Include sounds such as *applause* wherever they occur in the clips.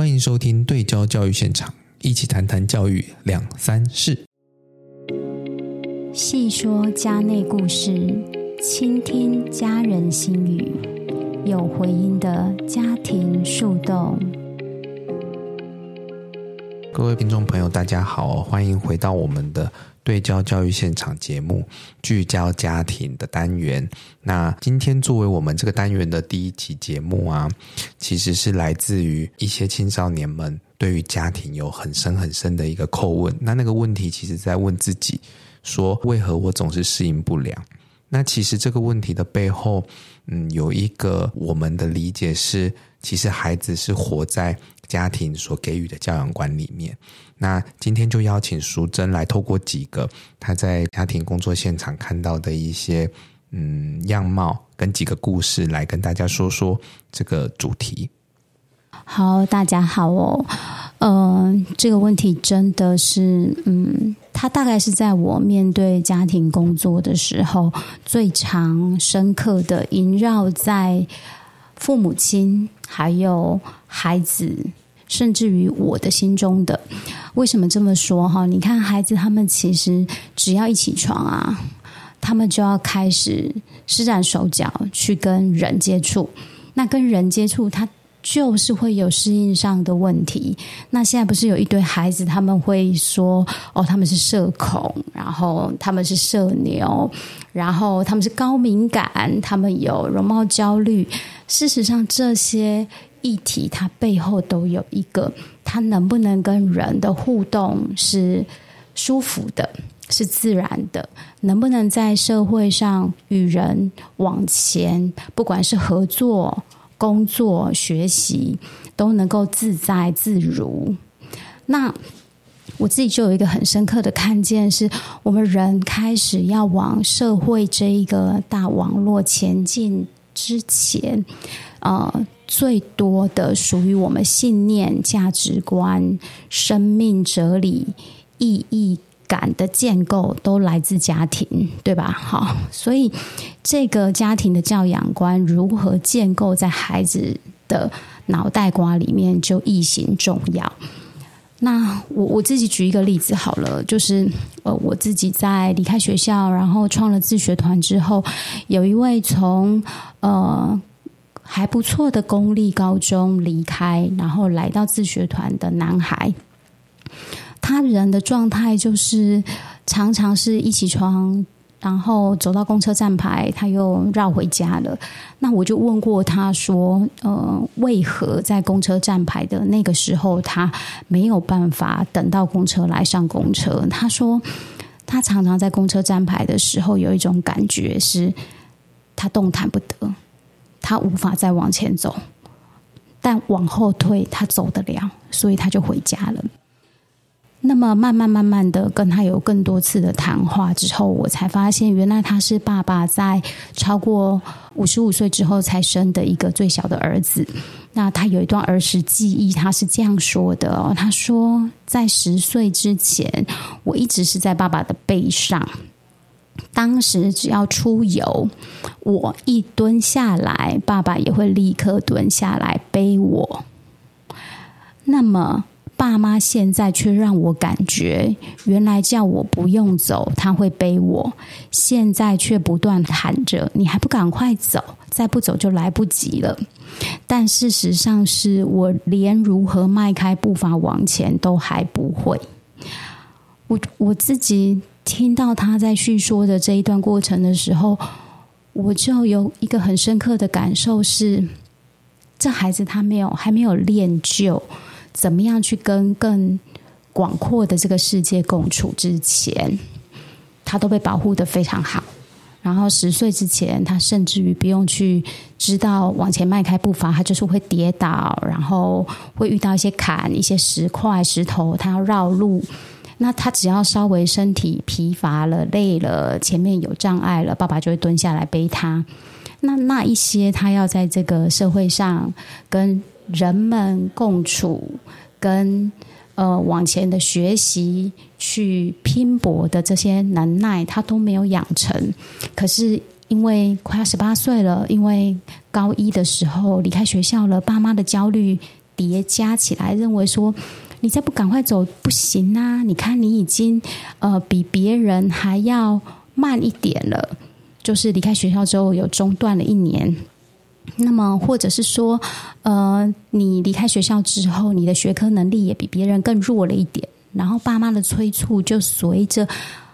歡迎收聽《對焦教育現場》，一起談談教育兩三事，細說家內故事，傾聽家人心語，有回音的家庭樹洞。各位聽眾朋友，大家好，歡迎回到我們的。對焦教育現場節目，聚焦家庭的單元。那今天作為我們這個單元的第一期節目啊，其實是來自於一些青少年們對於家庭有很深很深的一個叩問。那那個問題其實在問自己說，說為何我總是適應不良？那其實這個問題的背後，嗯，有一個我們的理解是，其實孩子是活在家庭所給予的教養觀裡面。那今天就邀請淑真來，透過幾個她在家庭工作現場看到的一些嗯樣貌，跟幾個故事，來跟大家說說這個主題。好，大家好哦，嗯、呃，這個問題真的是，嗯，它，大概是在我面對家庭工作的時候，最常深刻的縈繞在父母親還有孩子，甚至於我的心中的，為什麼這麼說哈？你看孩子，他們其實只要一起床啊，他們就要開始施展手腳去跟人接觸。那跟人接觸，他就是會有適應上的問題。那現在不是有一堆孩子他們會說哦，他們是社恐，然後他們是社牛，然後他們是高敏感，他們有容貌焦慮。事實上，這些議題它背後都有一個，它能不能跟人的互動是舒服的、是自然的，能不能在社會上與人往前，不管是合作、工作、學習，都能夠自在自如。那我自己就有一個很深刻的看見是，是我們人開始要往社會這一個大網絡前進。之前，呃，最多的屬於我們信念、價值觀、生命哲理、意義感的建構，都來自家庭，對吧？好，所以這個家庭的教養觀如何建構在孩子的腦袋瓜裡面，就益形重要。那我我自己舉一個例子好了，就是呃，我自己在離開學校，然後創了自學團之後，有一位從呃還不錯的公立高中離開，然後來到自學團的男孩，他人的狀態就是常常是一起床。然後走到公車站牌，他又繞回家了。那我就問過他說：“呃，為何在公車站牌的那個時候，他沒有辦法等到公車來上公車？”他說：“他常常在公車站牌的時候，有一種感覺是他動彈不得，他無法再往前走，但往後退他走得了，所以他就回家了。”那麼慢慢慢慢的跟他有更多次的談話之後，我才發現原來他是爸爸在超過五十五歲之後才生的一個最小的兒子。那他有一段兒時記憶，他是這樣說的哦，他說，在十歲之前，我一直是在爸爸的背上。當時只要出遊，我一蹲下來，爸爸也會立刻蹲下來背我。那麼，爸媽現在卻讓我感覺，原來叫我不用走，他會背我；現在卻不斷喊着：“你還不趕快走，再不走就來不及了。”但事實上是我連如何邁開步伐往前都還不會。我我自己聽到他在敘說的這一段過程的時候，我就有一個很深刻的感受是：這孩子他沒有還沒有練就。怎麼樣去跟更廣闊的這個世界共處？之前，他都被保護得非常好。然後十歲之前，他甚至於不用去知道往前邁開步伐，他就是會跌倒，然後會遇到一些坎、一些石塊、石頭，他要繞路。那他只要稍微身體疲乏了、累了，前面有障礙了，爸爸就會蹲下來背他。那那一些他要在這個社會上跟人們共處跟呃往前的學習去拼搏的這些能耐，他都沒有養成。可是因為快要十八歲了，因為高一的時候離開學校了，爸媽的焦慮疊加起來，認為說，你再不趕快走不行啊！你看你已經呃比別人還要慢一點了，就是離開學校之後有中斷了一年。那麼，或者是說，呃，你離開學校之後，你的學科能力也比別人更弱了一點。然後，爸媽的催促就隨着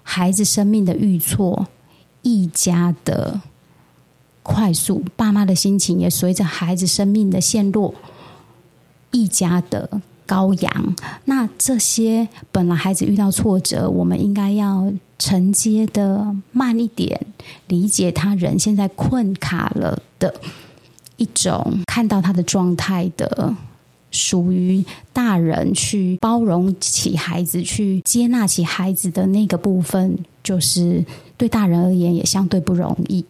孩子生命的遇挫，愈加的快速，爸媽的心情也隨着孩子生命的陷落，愈加的高揚。那這些本來孩子遇到挫折，我們應該要承接的慢一點，理解他人現在困卡了的。一種看到他的狀態的，屬於大人去包容起孩子，去接納起孩子的那個部分，就是對大人而言也相對不容易。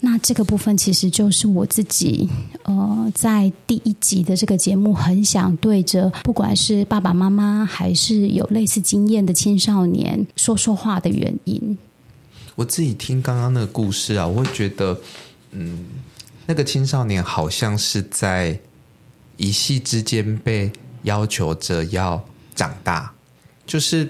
那這個部分其實就是我自己，嗯，呃，在第一集的這個節目很想對着不管是爸爸媽媽還是有類似經驗的青少年說說話的原因。我自己聽剛剛那個故事啊，我會覺得，嗯。那個青少年好像是在一夕之間被要求着要長大，就是，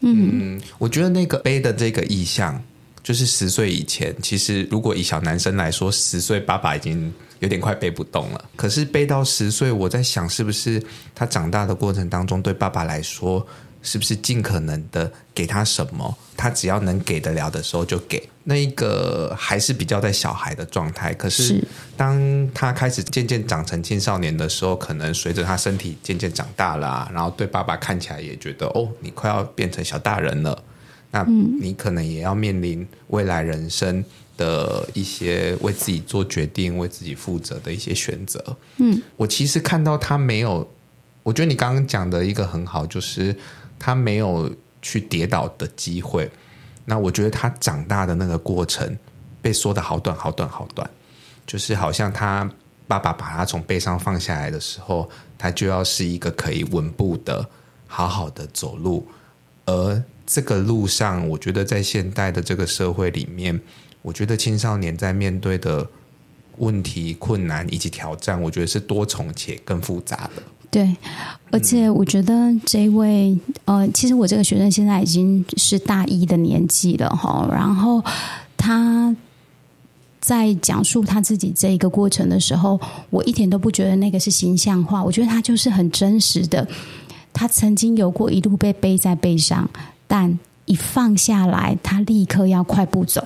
嗯，嗯，我覺得那個背的這個意象。就是十歲以前，其實如果以小男生來說，十歲爸爸已經有點快背不動了。可是背到十歲，我在想，是不是他長大的過程當中，對爸爸來說，是不是盡可能的給他什麼，他只要能給得了的時候就給。那一個還是比較在小孩的狀態，可是當他開始漸漸長成青少年的時候，可能隨着他身體漸漸長大啦啊，然後對爸爸看起來也覺得哦，你快要變成小大人了，那你可能也要面臨未來人生的一些為自己做決定、為自己負責的一些選擇。嗯，我其實看到他沒有，我覺得你剛剛講的一個很好，就是他沒有去跌倒的機會。那我覺得他長大的那個過程被說得好短好短好短，就是好像他爸爸把他從背上放下來的時候，他就要是一個可以穩步的、好好的走路。而這個路上，我覺得在現代的這個社會裡面，我覺得青少年在面對的問題、困難以及挑戰，我覺得是多重且更複雜的。對，而且我覺得這一位呃，其實我這個學生現在已經是大一的年紀了哈。然後他在講述他自己這一個過程的時候，我一點都不覺得那個是形象化，我覺得他就是很真實的。他曾經有過一路被背在背上，但一放下來，他立刻要快步走。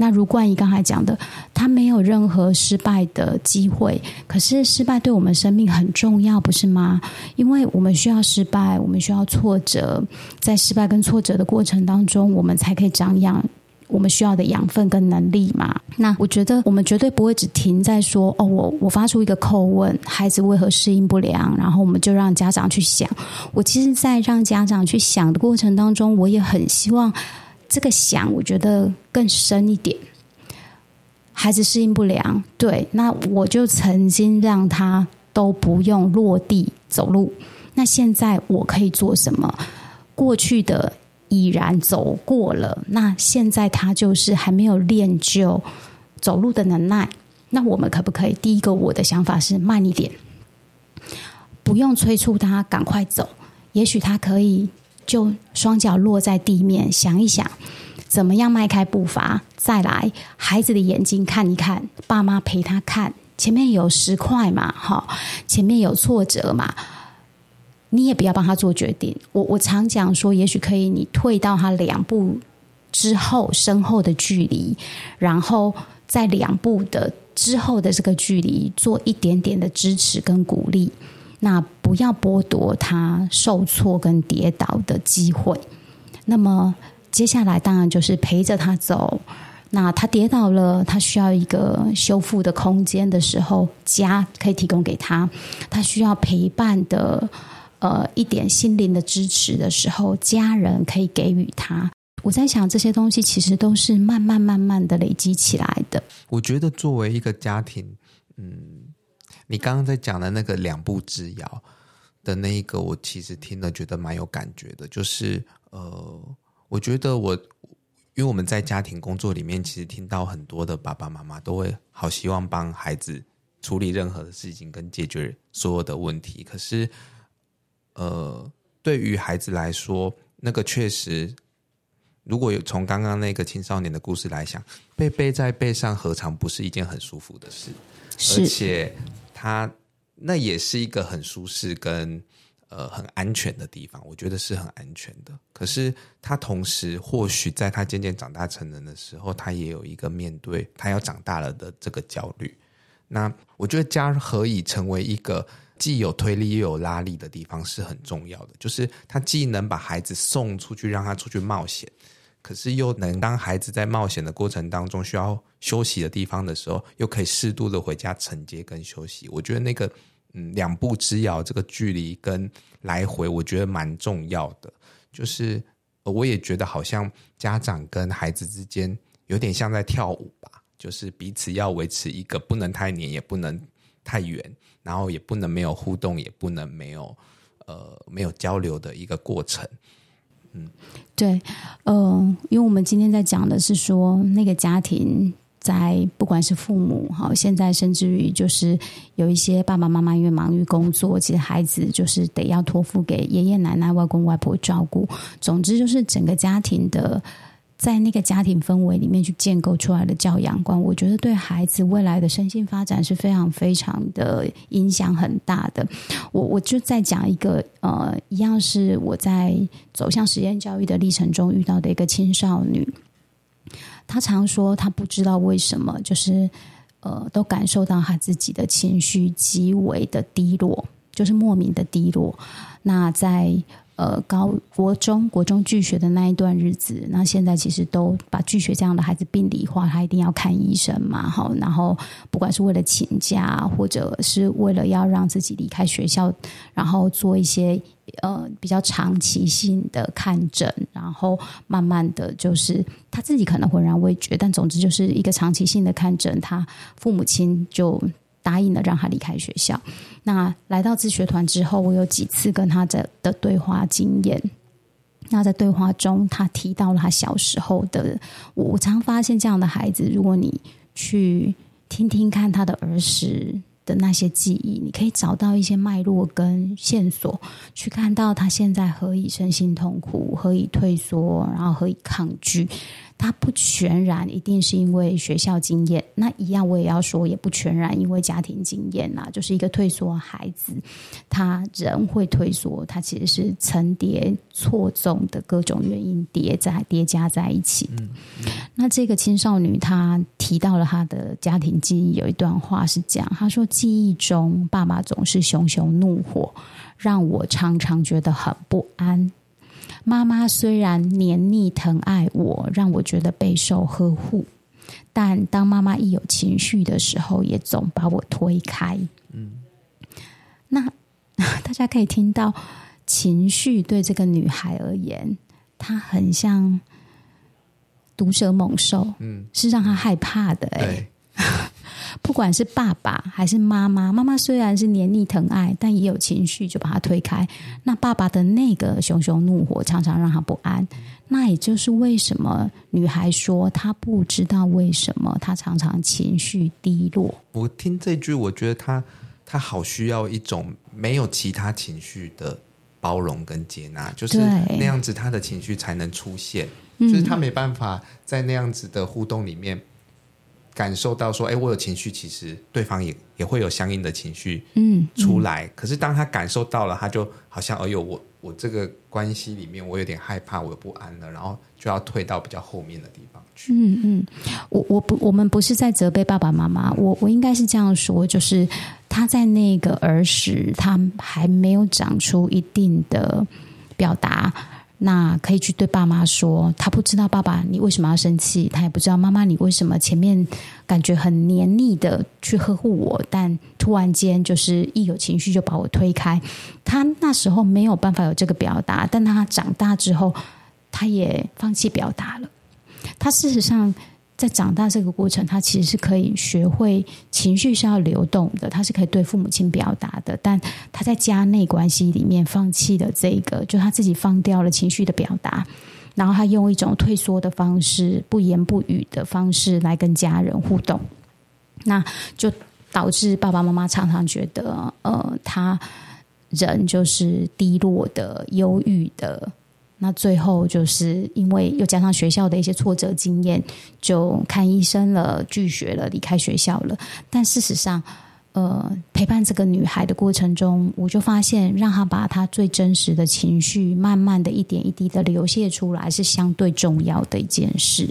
那如冠宜剛才講的，他沒有任何失敗的機會，可是失敗對我們生命很重要，不是嗎？因為我們需要失敗，我們需要挫折，在失敗跟挫折的過程當中，我們才可以長養我們需要的養分跟能力嘛。那我覺得我們絕對不會只停在說哦，我我發出一個叩問，孩子為何適應不良，然後我們就讓家長去想。我其實，在讓家長去想的過程當中，我也很希望這個想，我覺得。更深一點，孩子適應不良。對，那我就曾經讓他都不用落地走路。那現在我可以做什麼？過去的已然走過了，那現在他就是還沒有練就走路的能耐。那我們可不可以？第一個，我的想法是慢一點，不用催促他趕快走，也許他可以就雙腳落在地面，想一想。怎麼樣邁開步伐，再來，孩子的眼睛看一看，爸媽陪他看。前面有石塊嘛，哈，前面有挫折嘛，你也不要幫他做決定。我我常講說，也許可以，你退到他兩步之後身後的距離，然後在兩步的之後的這個距離做一點點的支持跟鼓勵。那不要剝奪他受挫跟跌倒的機會。那麼。接下來當然就是陪着他走。那他跌倒了，他需要一個修復的空間的時候，家可以提供給他；他需要陪伴的，呃，一點心靈的支持的時候，家人可以給予他。我在想，這些東西其實都是慢慢慢慢的累積起來的。我覺得作為一個家庭，嗯，你剛剛在講的那個兩步之遙的那一個，我其實聽了覺得蠻有感覺的，就是呃。我覺得我，因為我們在家庭工作裡面，其實聽到很多的爸爸媽媽都會好希望幫孩子處理任何的事情跟解決所有的問題。可是，呃，對於孩子來說，那個確實，如果有從剛剛那個青少年的故事來想，被背，背在背上何嘗不是一件很舒服的事？是，而且他那也是一個很舒適跟。呃，很安全的地方，我覺得是很安全的。可是他同時，或許在他漸漸長大成人的時候，他也有一個面對他要長大了的這個焦慮。那我覺得家何以成為一個既有推力又有拉力的地方是很重要的，就是他既能把孩子送出去讓他出去冒險，可是又能當孩子在冒險的過程當中需要休息的地方的時候，又可以適度的回家承接跟休息。我覺得那個。嗯，兩步之遙這個距離跟來回，我覺得蠻重要的。就是我也覺得，好像家長跟孩子之間有點像在跳舞吧，就是彼此要維持一個不能太黏，也不能太遠，然後也不能沒有互動，也不能沒有呃沒有交流的一個過程。嗯，對，嗯、呃，因為我們今天在講的是說那個家庭。在不管是父母哈，現在甚至於就是有一些爸爸媽媽因為忙於工作，其實孩子就是得要托付給爺爺奶奶、外公外婆照顧。總之，就是整個家庭的在那個家庭氛圍裡面去建構出來的教養觀，我覺得對孩子未來的身心發展是非常、非常的影響很大的。我我就再講一個，呃，一樣是我在走向實驗教育的歷程中遇到的一個青少女。他常說，他不知道為什麼，就是，呃，都感受到他自己的情緒極為的低落，就是莫名的低落。那在。呃，高國中國中拒學的那一段日子，那現在其實都把拒學這樣的孩子病理化，他一定要看醫生嘛，好，然後不管是為了請假，或者是為了要讓自己離開學校，然後做一些呃比較長期性的看診，然後慢慢的就是他自己可能渾然未覺，但總之就是一個長期性的看診，他父母親就。答應了讓他離開學校。那來到自學團之後，我有幾次跟他的的對話經驗。那在對話中，他提到了他小時候的。我常發現這樣的孩子，如果你去聽聽看他的兒時的那些記憶，你可以找到一些脈絡跟線索，去看到他現在何以身心痛苦，何以退縮，然後何以抗拒。他不全然一定是因為學校經驗，那一樣我也要說，也不全然因為家庭經驗吶、啊。就是一個退縮孩子，他人會退縮，他其實是層疊錯綜的各種原因疊在疊加在一起的、嗯嗯。那這個青少女，他提到了他的家庭記憶，有一段話是這樣，他說記憶中爸爸總是熊熊怒火，讓我常常覺得很不安。媽媽雖然黏膩疼愛我，讓我覺得備受呵護，但當媽媽一有情緒的時候，也總把我推開。嗯，那大家可以聽到，情緒對這個女孩而言，她很像毒蛇猛獸。嗯，是讓她害怕的誒。嗯 *laughs* 不管是爸爸還是媽媽，媽媽雖然是黏膩疼愛，但也有情緒就把他推開。那爸爸的那個熊熊怒火，常常讓他不安。那也就是為什麼女孩說她不知道為什麼她常常情緒低落。我聽這句，我覺得她她好需要一種沒有其他情緒的包容跟接納，就是那樣子，她的情緒才能出現。就是她沒辦法在那樣子的互動裡面。感受到說，哎、欸，我有情緒，其實對方也也會有相應的情緒，嗯，出來，嗯。可是當他感受到了，他就好像，哎呦，我我這個關係裡面，我有點害怕，我不安了，然後就要退到比較後面的地方去。嗯嗯，我我不我們不是在責備爸爸媽媽，我我應該是這樣說，就是他在那個兒時，他還沒有長出一定的表達。那可以去對爸媽說，他不知道爸爸你為什麼要生氣，他也不知道媽媽你為什麼前面感覺很黏膩的去呵護我，但突然間就是一有情緒就把我推開。他那時候沒有辦法有這個表達，但他長大之後，他也放棄表達了。他事實上。在長大這個過程，他其實是可以學會情緒是要流動的，他是可以對父母親表達的。但他在家內關係裡面放棄的這個，就他自己放掉了情緒的表達，然後他用一種退縮的方式、不言不語的方式來跟家人互動，那就導致爸爸媽媽常常覺得，呃，他人就是低落的、憂鬱的。那最後就是因為又加上學校的一些挫折經驗，就看醫生了，拒學了，離開學校了。但事實上，呃，陪伴這個女孩的過程中，我就發現，讓她把她最真實的情緒，慢慢的一點一滴的流瀉出來，是相對重要的一件事。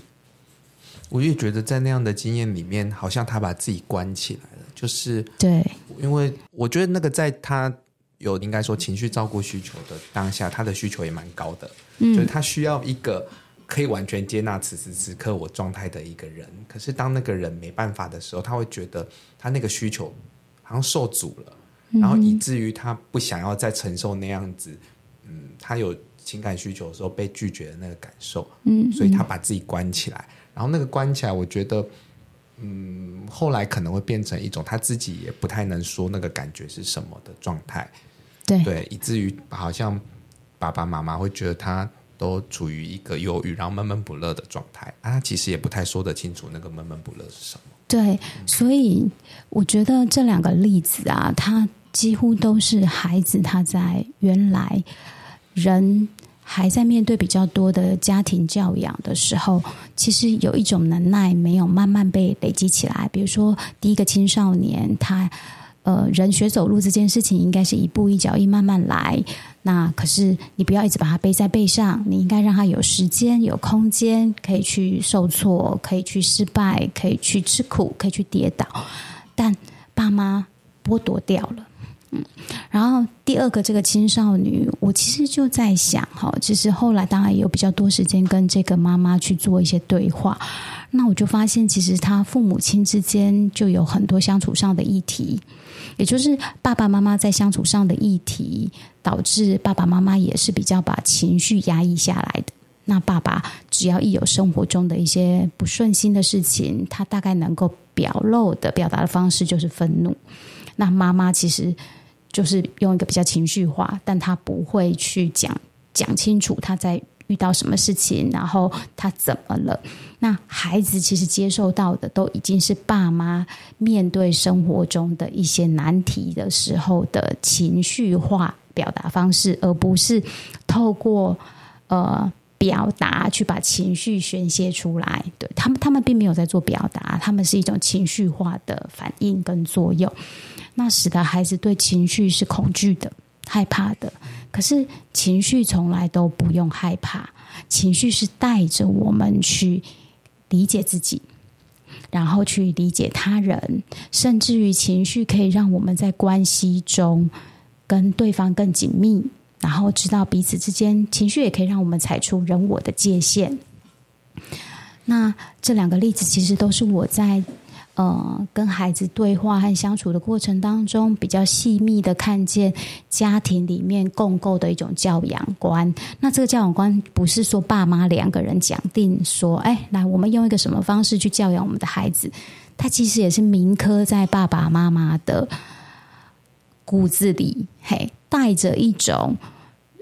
我也覺得，在那樣的經驗裡面，好像她把自己關起來了，就是對，因為我覺得那個在她有應該說情緒照顧需求的當下，他的需求也蠻高的，嗯，就是他需要一個可以完全接納此時此刻我狀態的一個人。可是當那個人沒辦法的時候，他會覺得他那個需求好像受阻了，嗯，然後以至於他不想要再承受那樣子，嗯，他有情感需求的時候被拒絕的那個感受，嗯，所以他把自己關起來。然後那個關起來，我覺得，嗯，後來可能會變成一種他自己也不太能說那個感覺是什麼的狀態。對，以至於好像爸爸媽媽會覺得他都處於一個憂鬱，然後悶悶不樂的狀態。他其實也不太說得清楚那個悶悶不樂是什麼。對，所以我覺得這兩個例子啊，他幾乎都是孩子。他在原來人還在面對比較多的家庭教養的時候，其實有一種能耐沒有慢慢被累積起來。比如說第一個青少年他。呃，人學走路這件事情應該是一步一腳印，慢慢來。那可是你不要一直把它背在背上，你應該讓他有時間、有空間，可以去受挫，可以去失敗，可以去吃苦，可以去跌倒。但爸媽剝奪掉了。嗯，然後第二個這個青少女，我其實就在想哈，其實後來當然有比較多時間跟這個媽媽去做一些對話，那我就發現其實她父母親之間就有很多相處上的議題，也就是爸爸媽媽在相處上的議題，導致爸爸媽媽也是比較把情緒壓抑下來的。那爸爸只要一有生活中的一些不順心的事情，他大概能夠表露的表達的方式就是憤怒。那媽媽其實。就是用一個比較情緒化，但他不會去講講清楚他在遇到什麼事情，然後他怎麼了。那孩子其實接受到的都已經是爸媽面對生活中的一些難題的時候的情緒化表達方式，而不是透過呃。表達去把情緒宣洩出來，對，他們他們並沒有在做表達，他們是一種情緒化的反應跟作用，那使得孩子對情緒是恐懼的、害怕的。可是情緒從來都不用害怕，情緒是帶着我們去理解自己，然後去理解他人，甚至於情緒可以讓我們在關係中跟對方更緊密。然後知道彼此之間情緒也可以讓我們踩出人我的界限。那這兩個例子其實都是我在呃跟孩子對話和相處的過程當中，比較細密的看見家庭裡面共構的一種教養觀。那這個教養觀不是說爸媽兩個人講定說，哎，來我們用一個什麼方式去教養我們的孩子，他其實也是銘刻在爸爸媽媽的骨子裡，嘿。帶着一種，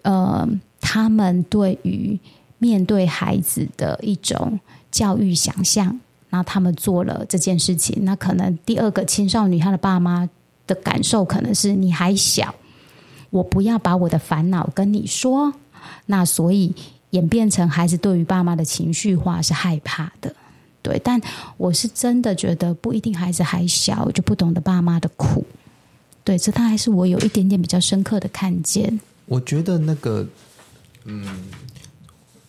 呃，他們對於面對孩子的一種教育想象那他們做了這件事情，那可能第二個青少女她的爸媽的感受可能是，你還小，我不要把我的煩惱跟你說。那所以演變成孩子對於爸媽的情緒化是害怕的，對，但我是真的覺得不一定孩子還小，我就不懂得爸媽的苦。對，這他還是我有一點點比較深刻的看見。我覺得那個，嗯，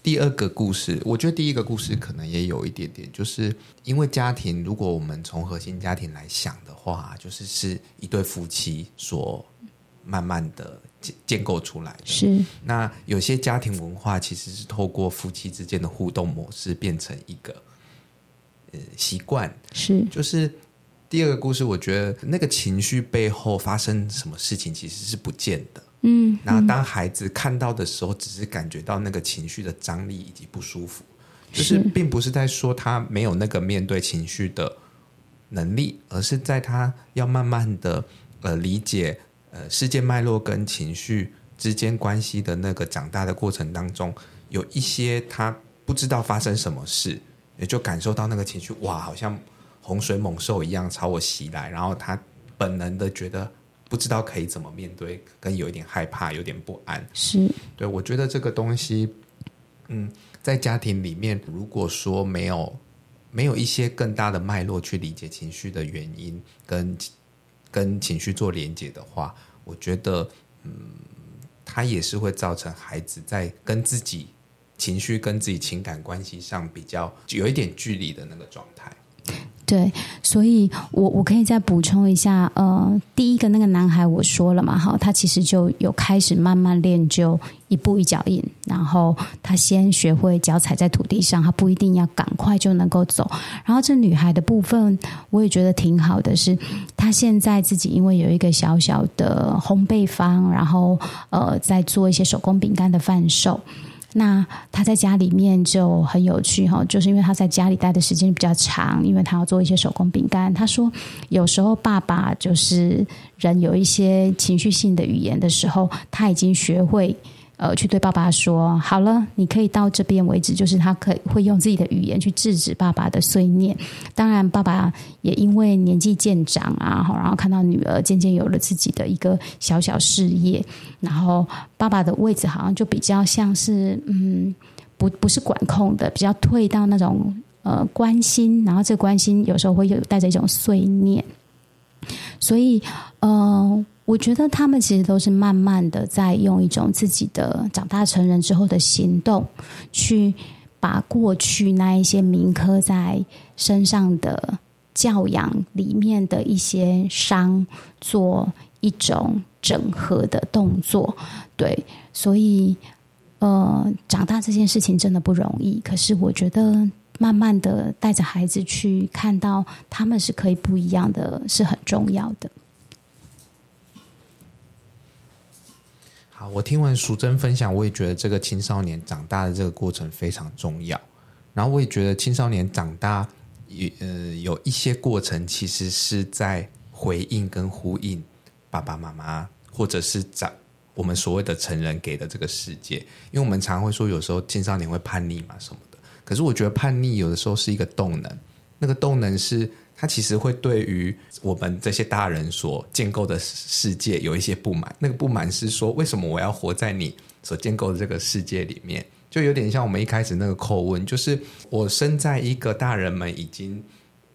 第二個故事，我覺得第一個故事可能也有一點點，就是因為家庭，如果我們從核心家庭來想的話，就是是一對夫妻所慢慢的建建構出來的。是，那有些家庭文化其實是透過夫妻之間的互動模式變成一個呃習慣，是，嗯，就是。第二個故事，我覺得那個情緒背後發生什麼事情其實是不見的。嗯，那當孩子看到的時候，嗯，只是感覺到那個情緒的張力以及不舒服，就是並不是在說他沒有那個面對情緒的能力，而是在他要慢慢的呃理解呃世界脈絡跟情緒之間關係的那個長大的過程當中，有一些他不知道發生什麼事，也就感受到那個情緒，哇，好像。洪水猛獸一樣朝我襲來，然後他本能的覺得不知道可以怎麼面對，跟有一點害怕，有點不安。是，對，我覺得這個東西，嗯，在家庭裡面，如果說沒有沒有一些更大的脈絡去理解情緒的原因跟，跟跟情緒做連接的話，我覺得，嗯，它也是會造成孩子在跟自己情緒、跟自己情感關係上比較有一點距離的那個狀態。對，所以我我可以再補充一下，呃，第一個那個男孩我說了嘛，哈、哦，他其實就有開始慢慢練就一步一腳印，然後他先學會腳踩在土地上，他不一定要趕快就能夠走。然後這女孩的部分，我也覺得挺好的是，是她現在自己因為有一個小小的烘焙坊，然後呃，在做一些手工餅乾的販售。那他在家裡面就很有趣哈，就是因為他在家裡待的時間比較長，因為他要做一些手工餅乾。他說，有時候爸爸就是人有一些情緒性的語言的時候，他已經學會。呃，去對爸爸說好了，你可以到這邊為止。就是他可以會用自己的語言去制止爸爸的碎念。當然，爸爸也因為年紀漸長啊，然後看到女兒漸漸有了自己的一個小小事業，然後爸爸的位置好像就比較像是嗯，不不是管控的，比較退到那種呃關心。然後這關心有時候會有帶着一種碎念，所以嗯。呃我覺得他們其實都是慢慢的在用一種自己的長大成人之後的行動，去把過去那一些銘刻在身上的教養裡面的一些傷做一種整合的動作。對，所以呃，長大這件事情真的不容易。可是我覺得慢慢的帶着孩子去看到他們是可以不一樣的，是很重要的。我聽完淑真分享，我也覺得這個青少年長大的這個過程非常重要。然後我也覺得青少年長大也呃有一些過程，其實是在回應跟呼應爸爸媽媽或者是長我們所謂的成人給的這個世界。因為我們常會說，有時候青少年會叛逆嘛，什麼的。可是我覺得叛逆有的時候是一個動能，那個動能是。他其實會對於我們這些大人所建構的世界有一些不滿，那個不滿是說，為什麼我要活在你所建構的這個世界裡面？就有點像我們一開始那個叩問，就是我生在一個大人們已經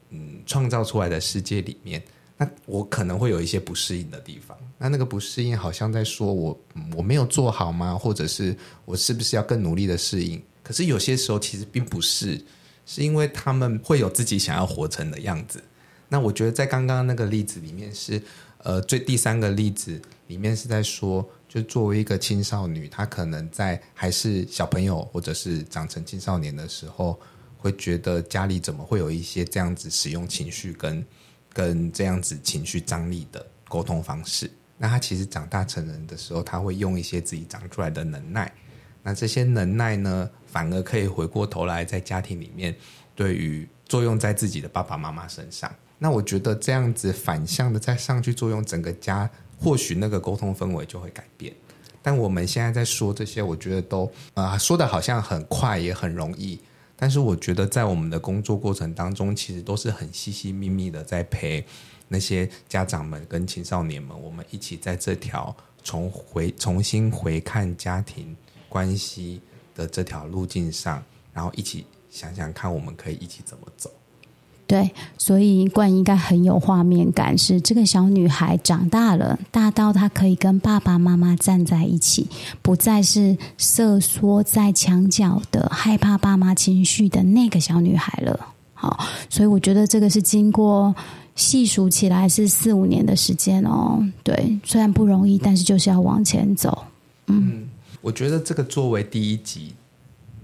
嗯創造出來的世界裡面，那我可能會有一些不適應的地方。那那個不適應好像在說我我沒有做好嗎？或者是我是不是要更努力地適應？可是有些時候其實並不是。是因為他們會有自己想要活成的樣子。那我覺得在剛剛那個例子裡面是，呃，最第三個例子裡面是在說，就作為一個青少女，她可能在還是小朋友或者是長成青少年的時候，會覺得家裡怎麼會有一些這樣子使用情緒跟跟這樣子情緒張力的溝通方式。那她其實長大成人的時候，她會用一些自己長出來的能耐。那這些能耐呢，反而可以回過頭來在家庭裡面，對於作用在自己的爸爸媽媽身上。那我覺得這樣子反向的再上去作用整個家，或許那個溝通氛圍就會改變。但我們現在在說這些，我覺得都啊、呃、說的好像很快也很容易，但是我覺得在我們的工作過程當中，其實都是很細細密密的在陪那些家長們跟青少年們，我們一起在這條重回重新回看家庭關係。的這條路徑上，然後一起想想看，我們可以一起怎麼走？對，所以觀眾應該很有畫面感，是這個小女孩長大了，大到她可以跟爸爸媽媽站在一起，不再是瑟縮在牆角的害怕爸媽情緒的那個小女孩了。好，所以我覺得這個是經過細數起來是四五年的時間哦。對，雖然不容易，嗯、但是就是要往前走。嗯。嗯我覺得這個作為第一集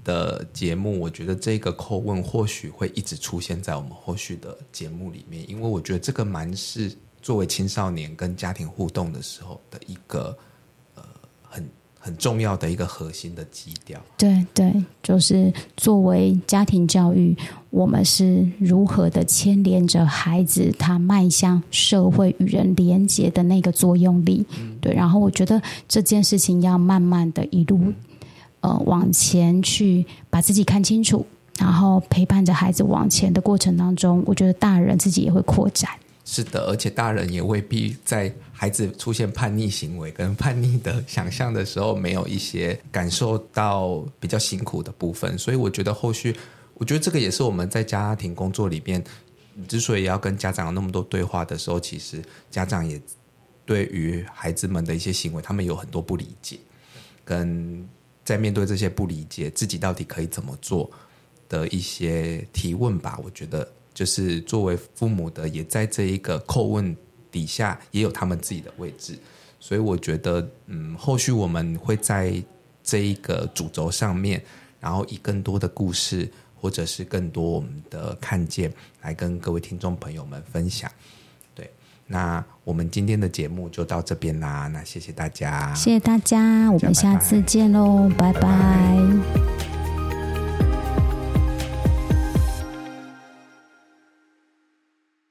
的節目，我覺得這個叩問或許會一直出現在我們後續的節目裡面，因為我覺得這個蠻是作為青少年跟家庭互動的時候的一個呃很。很重要的一個核心的基調，對對，就是作為家庭教育，我們是如何的牽連着孩子，他邁向社會與人連接的那個作用力，嗯，對。然後我覺得這件事情要慢慢的一路、嗯、呃往前去把自己看清楚，然後陪伴着孩子往前的過程當中，我覺得大人自己也會擴展。是的，而且大人也未必在孩子出現叛逆行為跟叛逆的想象的時候，沒有一些感受到比較辛苦的部分。所以我覺得後續，我覺得這個也是我們在家庭工作裡面，之所以要跟家長有那麼多對話的時候，其實家長也對於孩子們的一些行為，他們有很多不理解，跟在面對這些不理解，自己到底可以怎麼做的一些提問吧。我覺得。就是作為父母的，也在這一個叩問底下，也有他們自己的位置。所以我覺得，嗯，後續我們會在這一個主軸上面，然後以更多的故事，或者是更多我們的看見，來跟各位聽眾朋友們分享。對，那我們今天的節目就到這邊啦。那謝謝大家，謝謝大家，我們下次見嘍，拜拜。拜拜。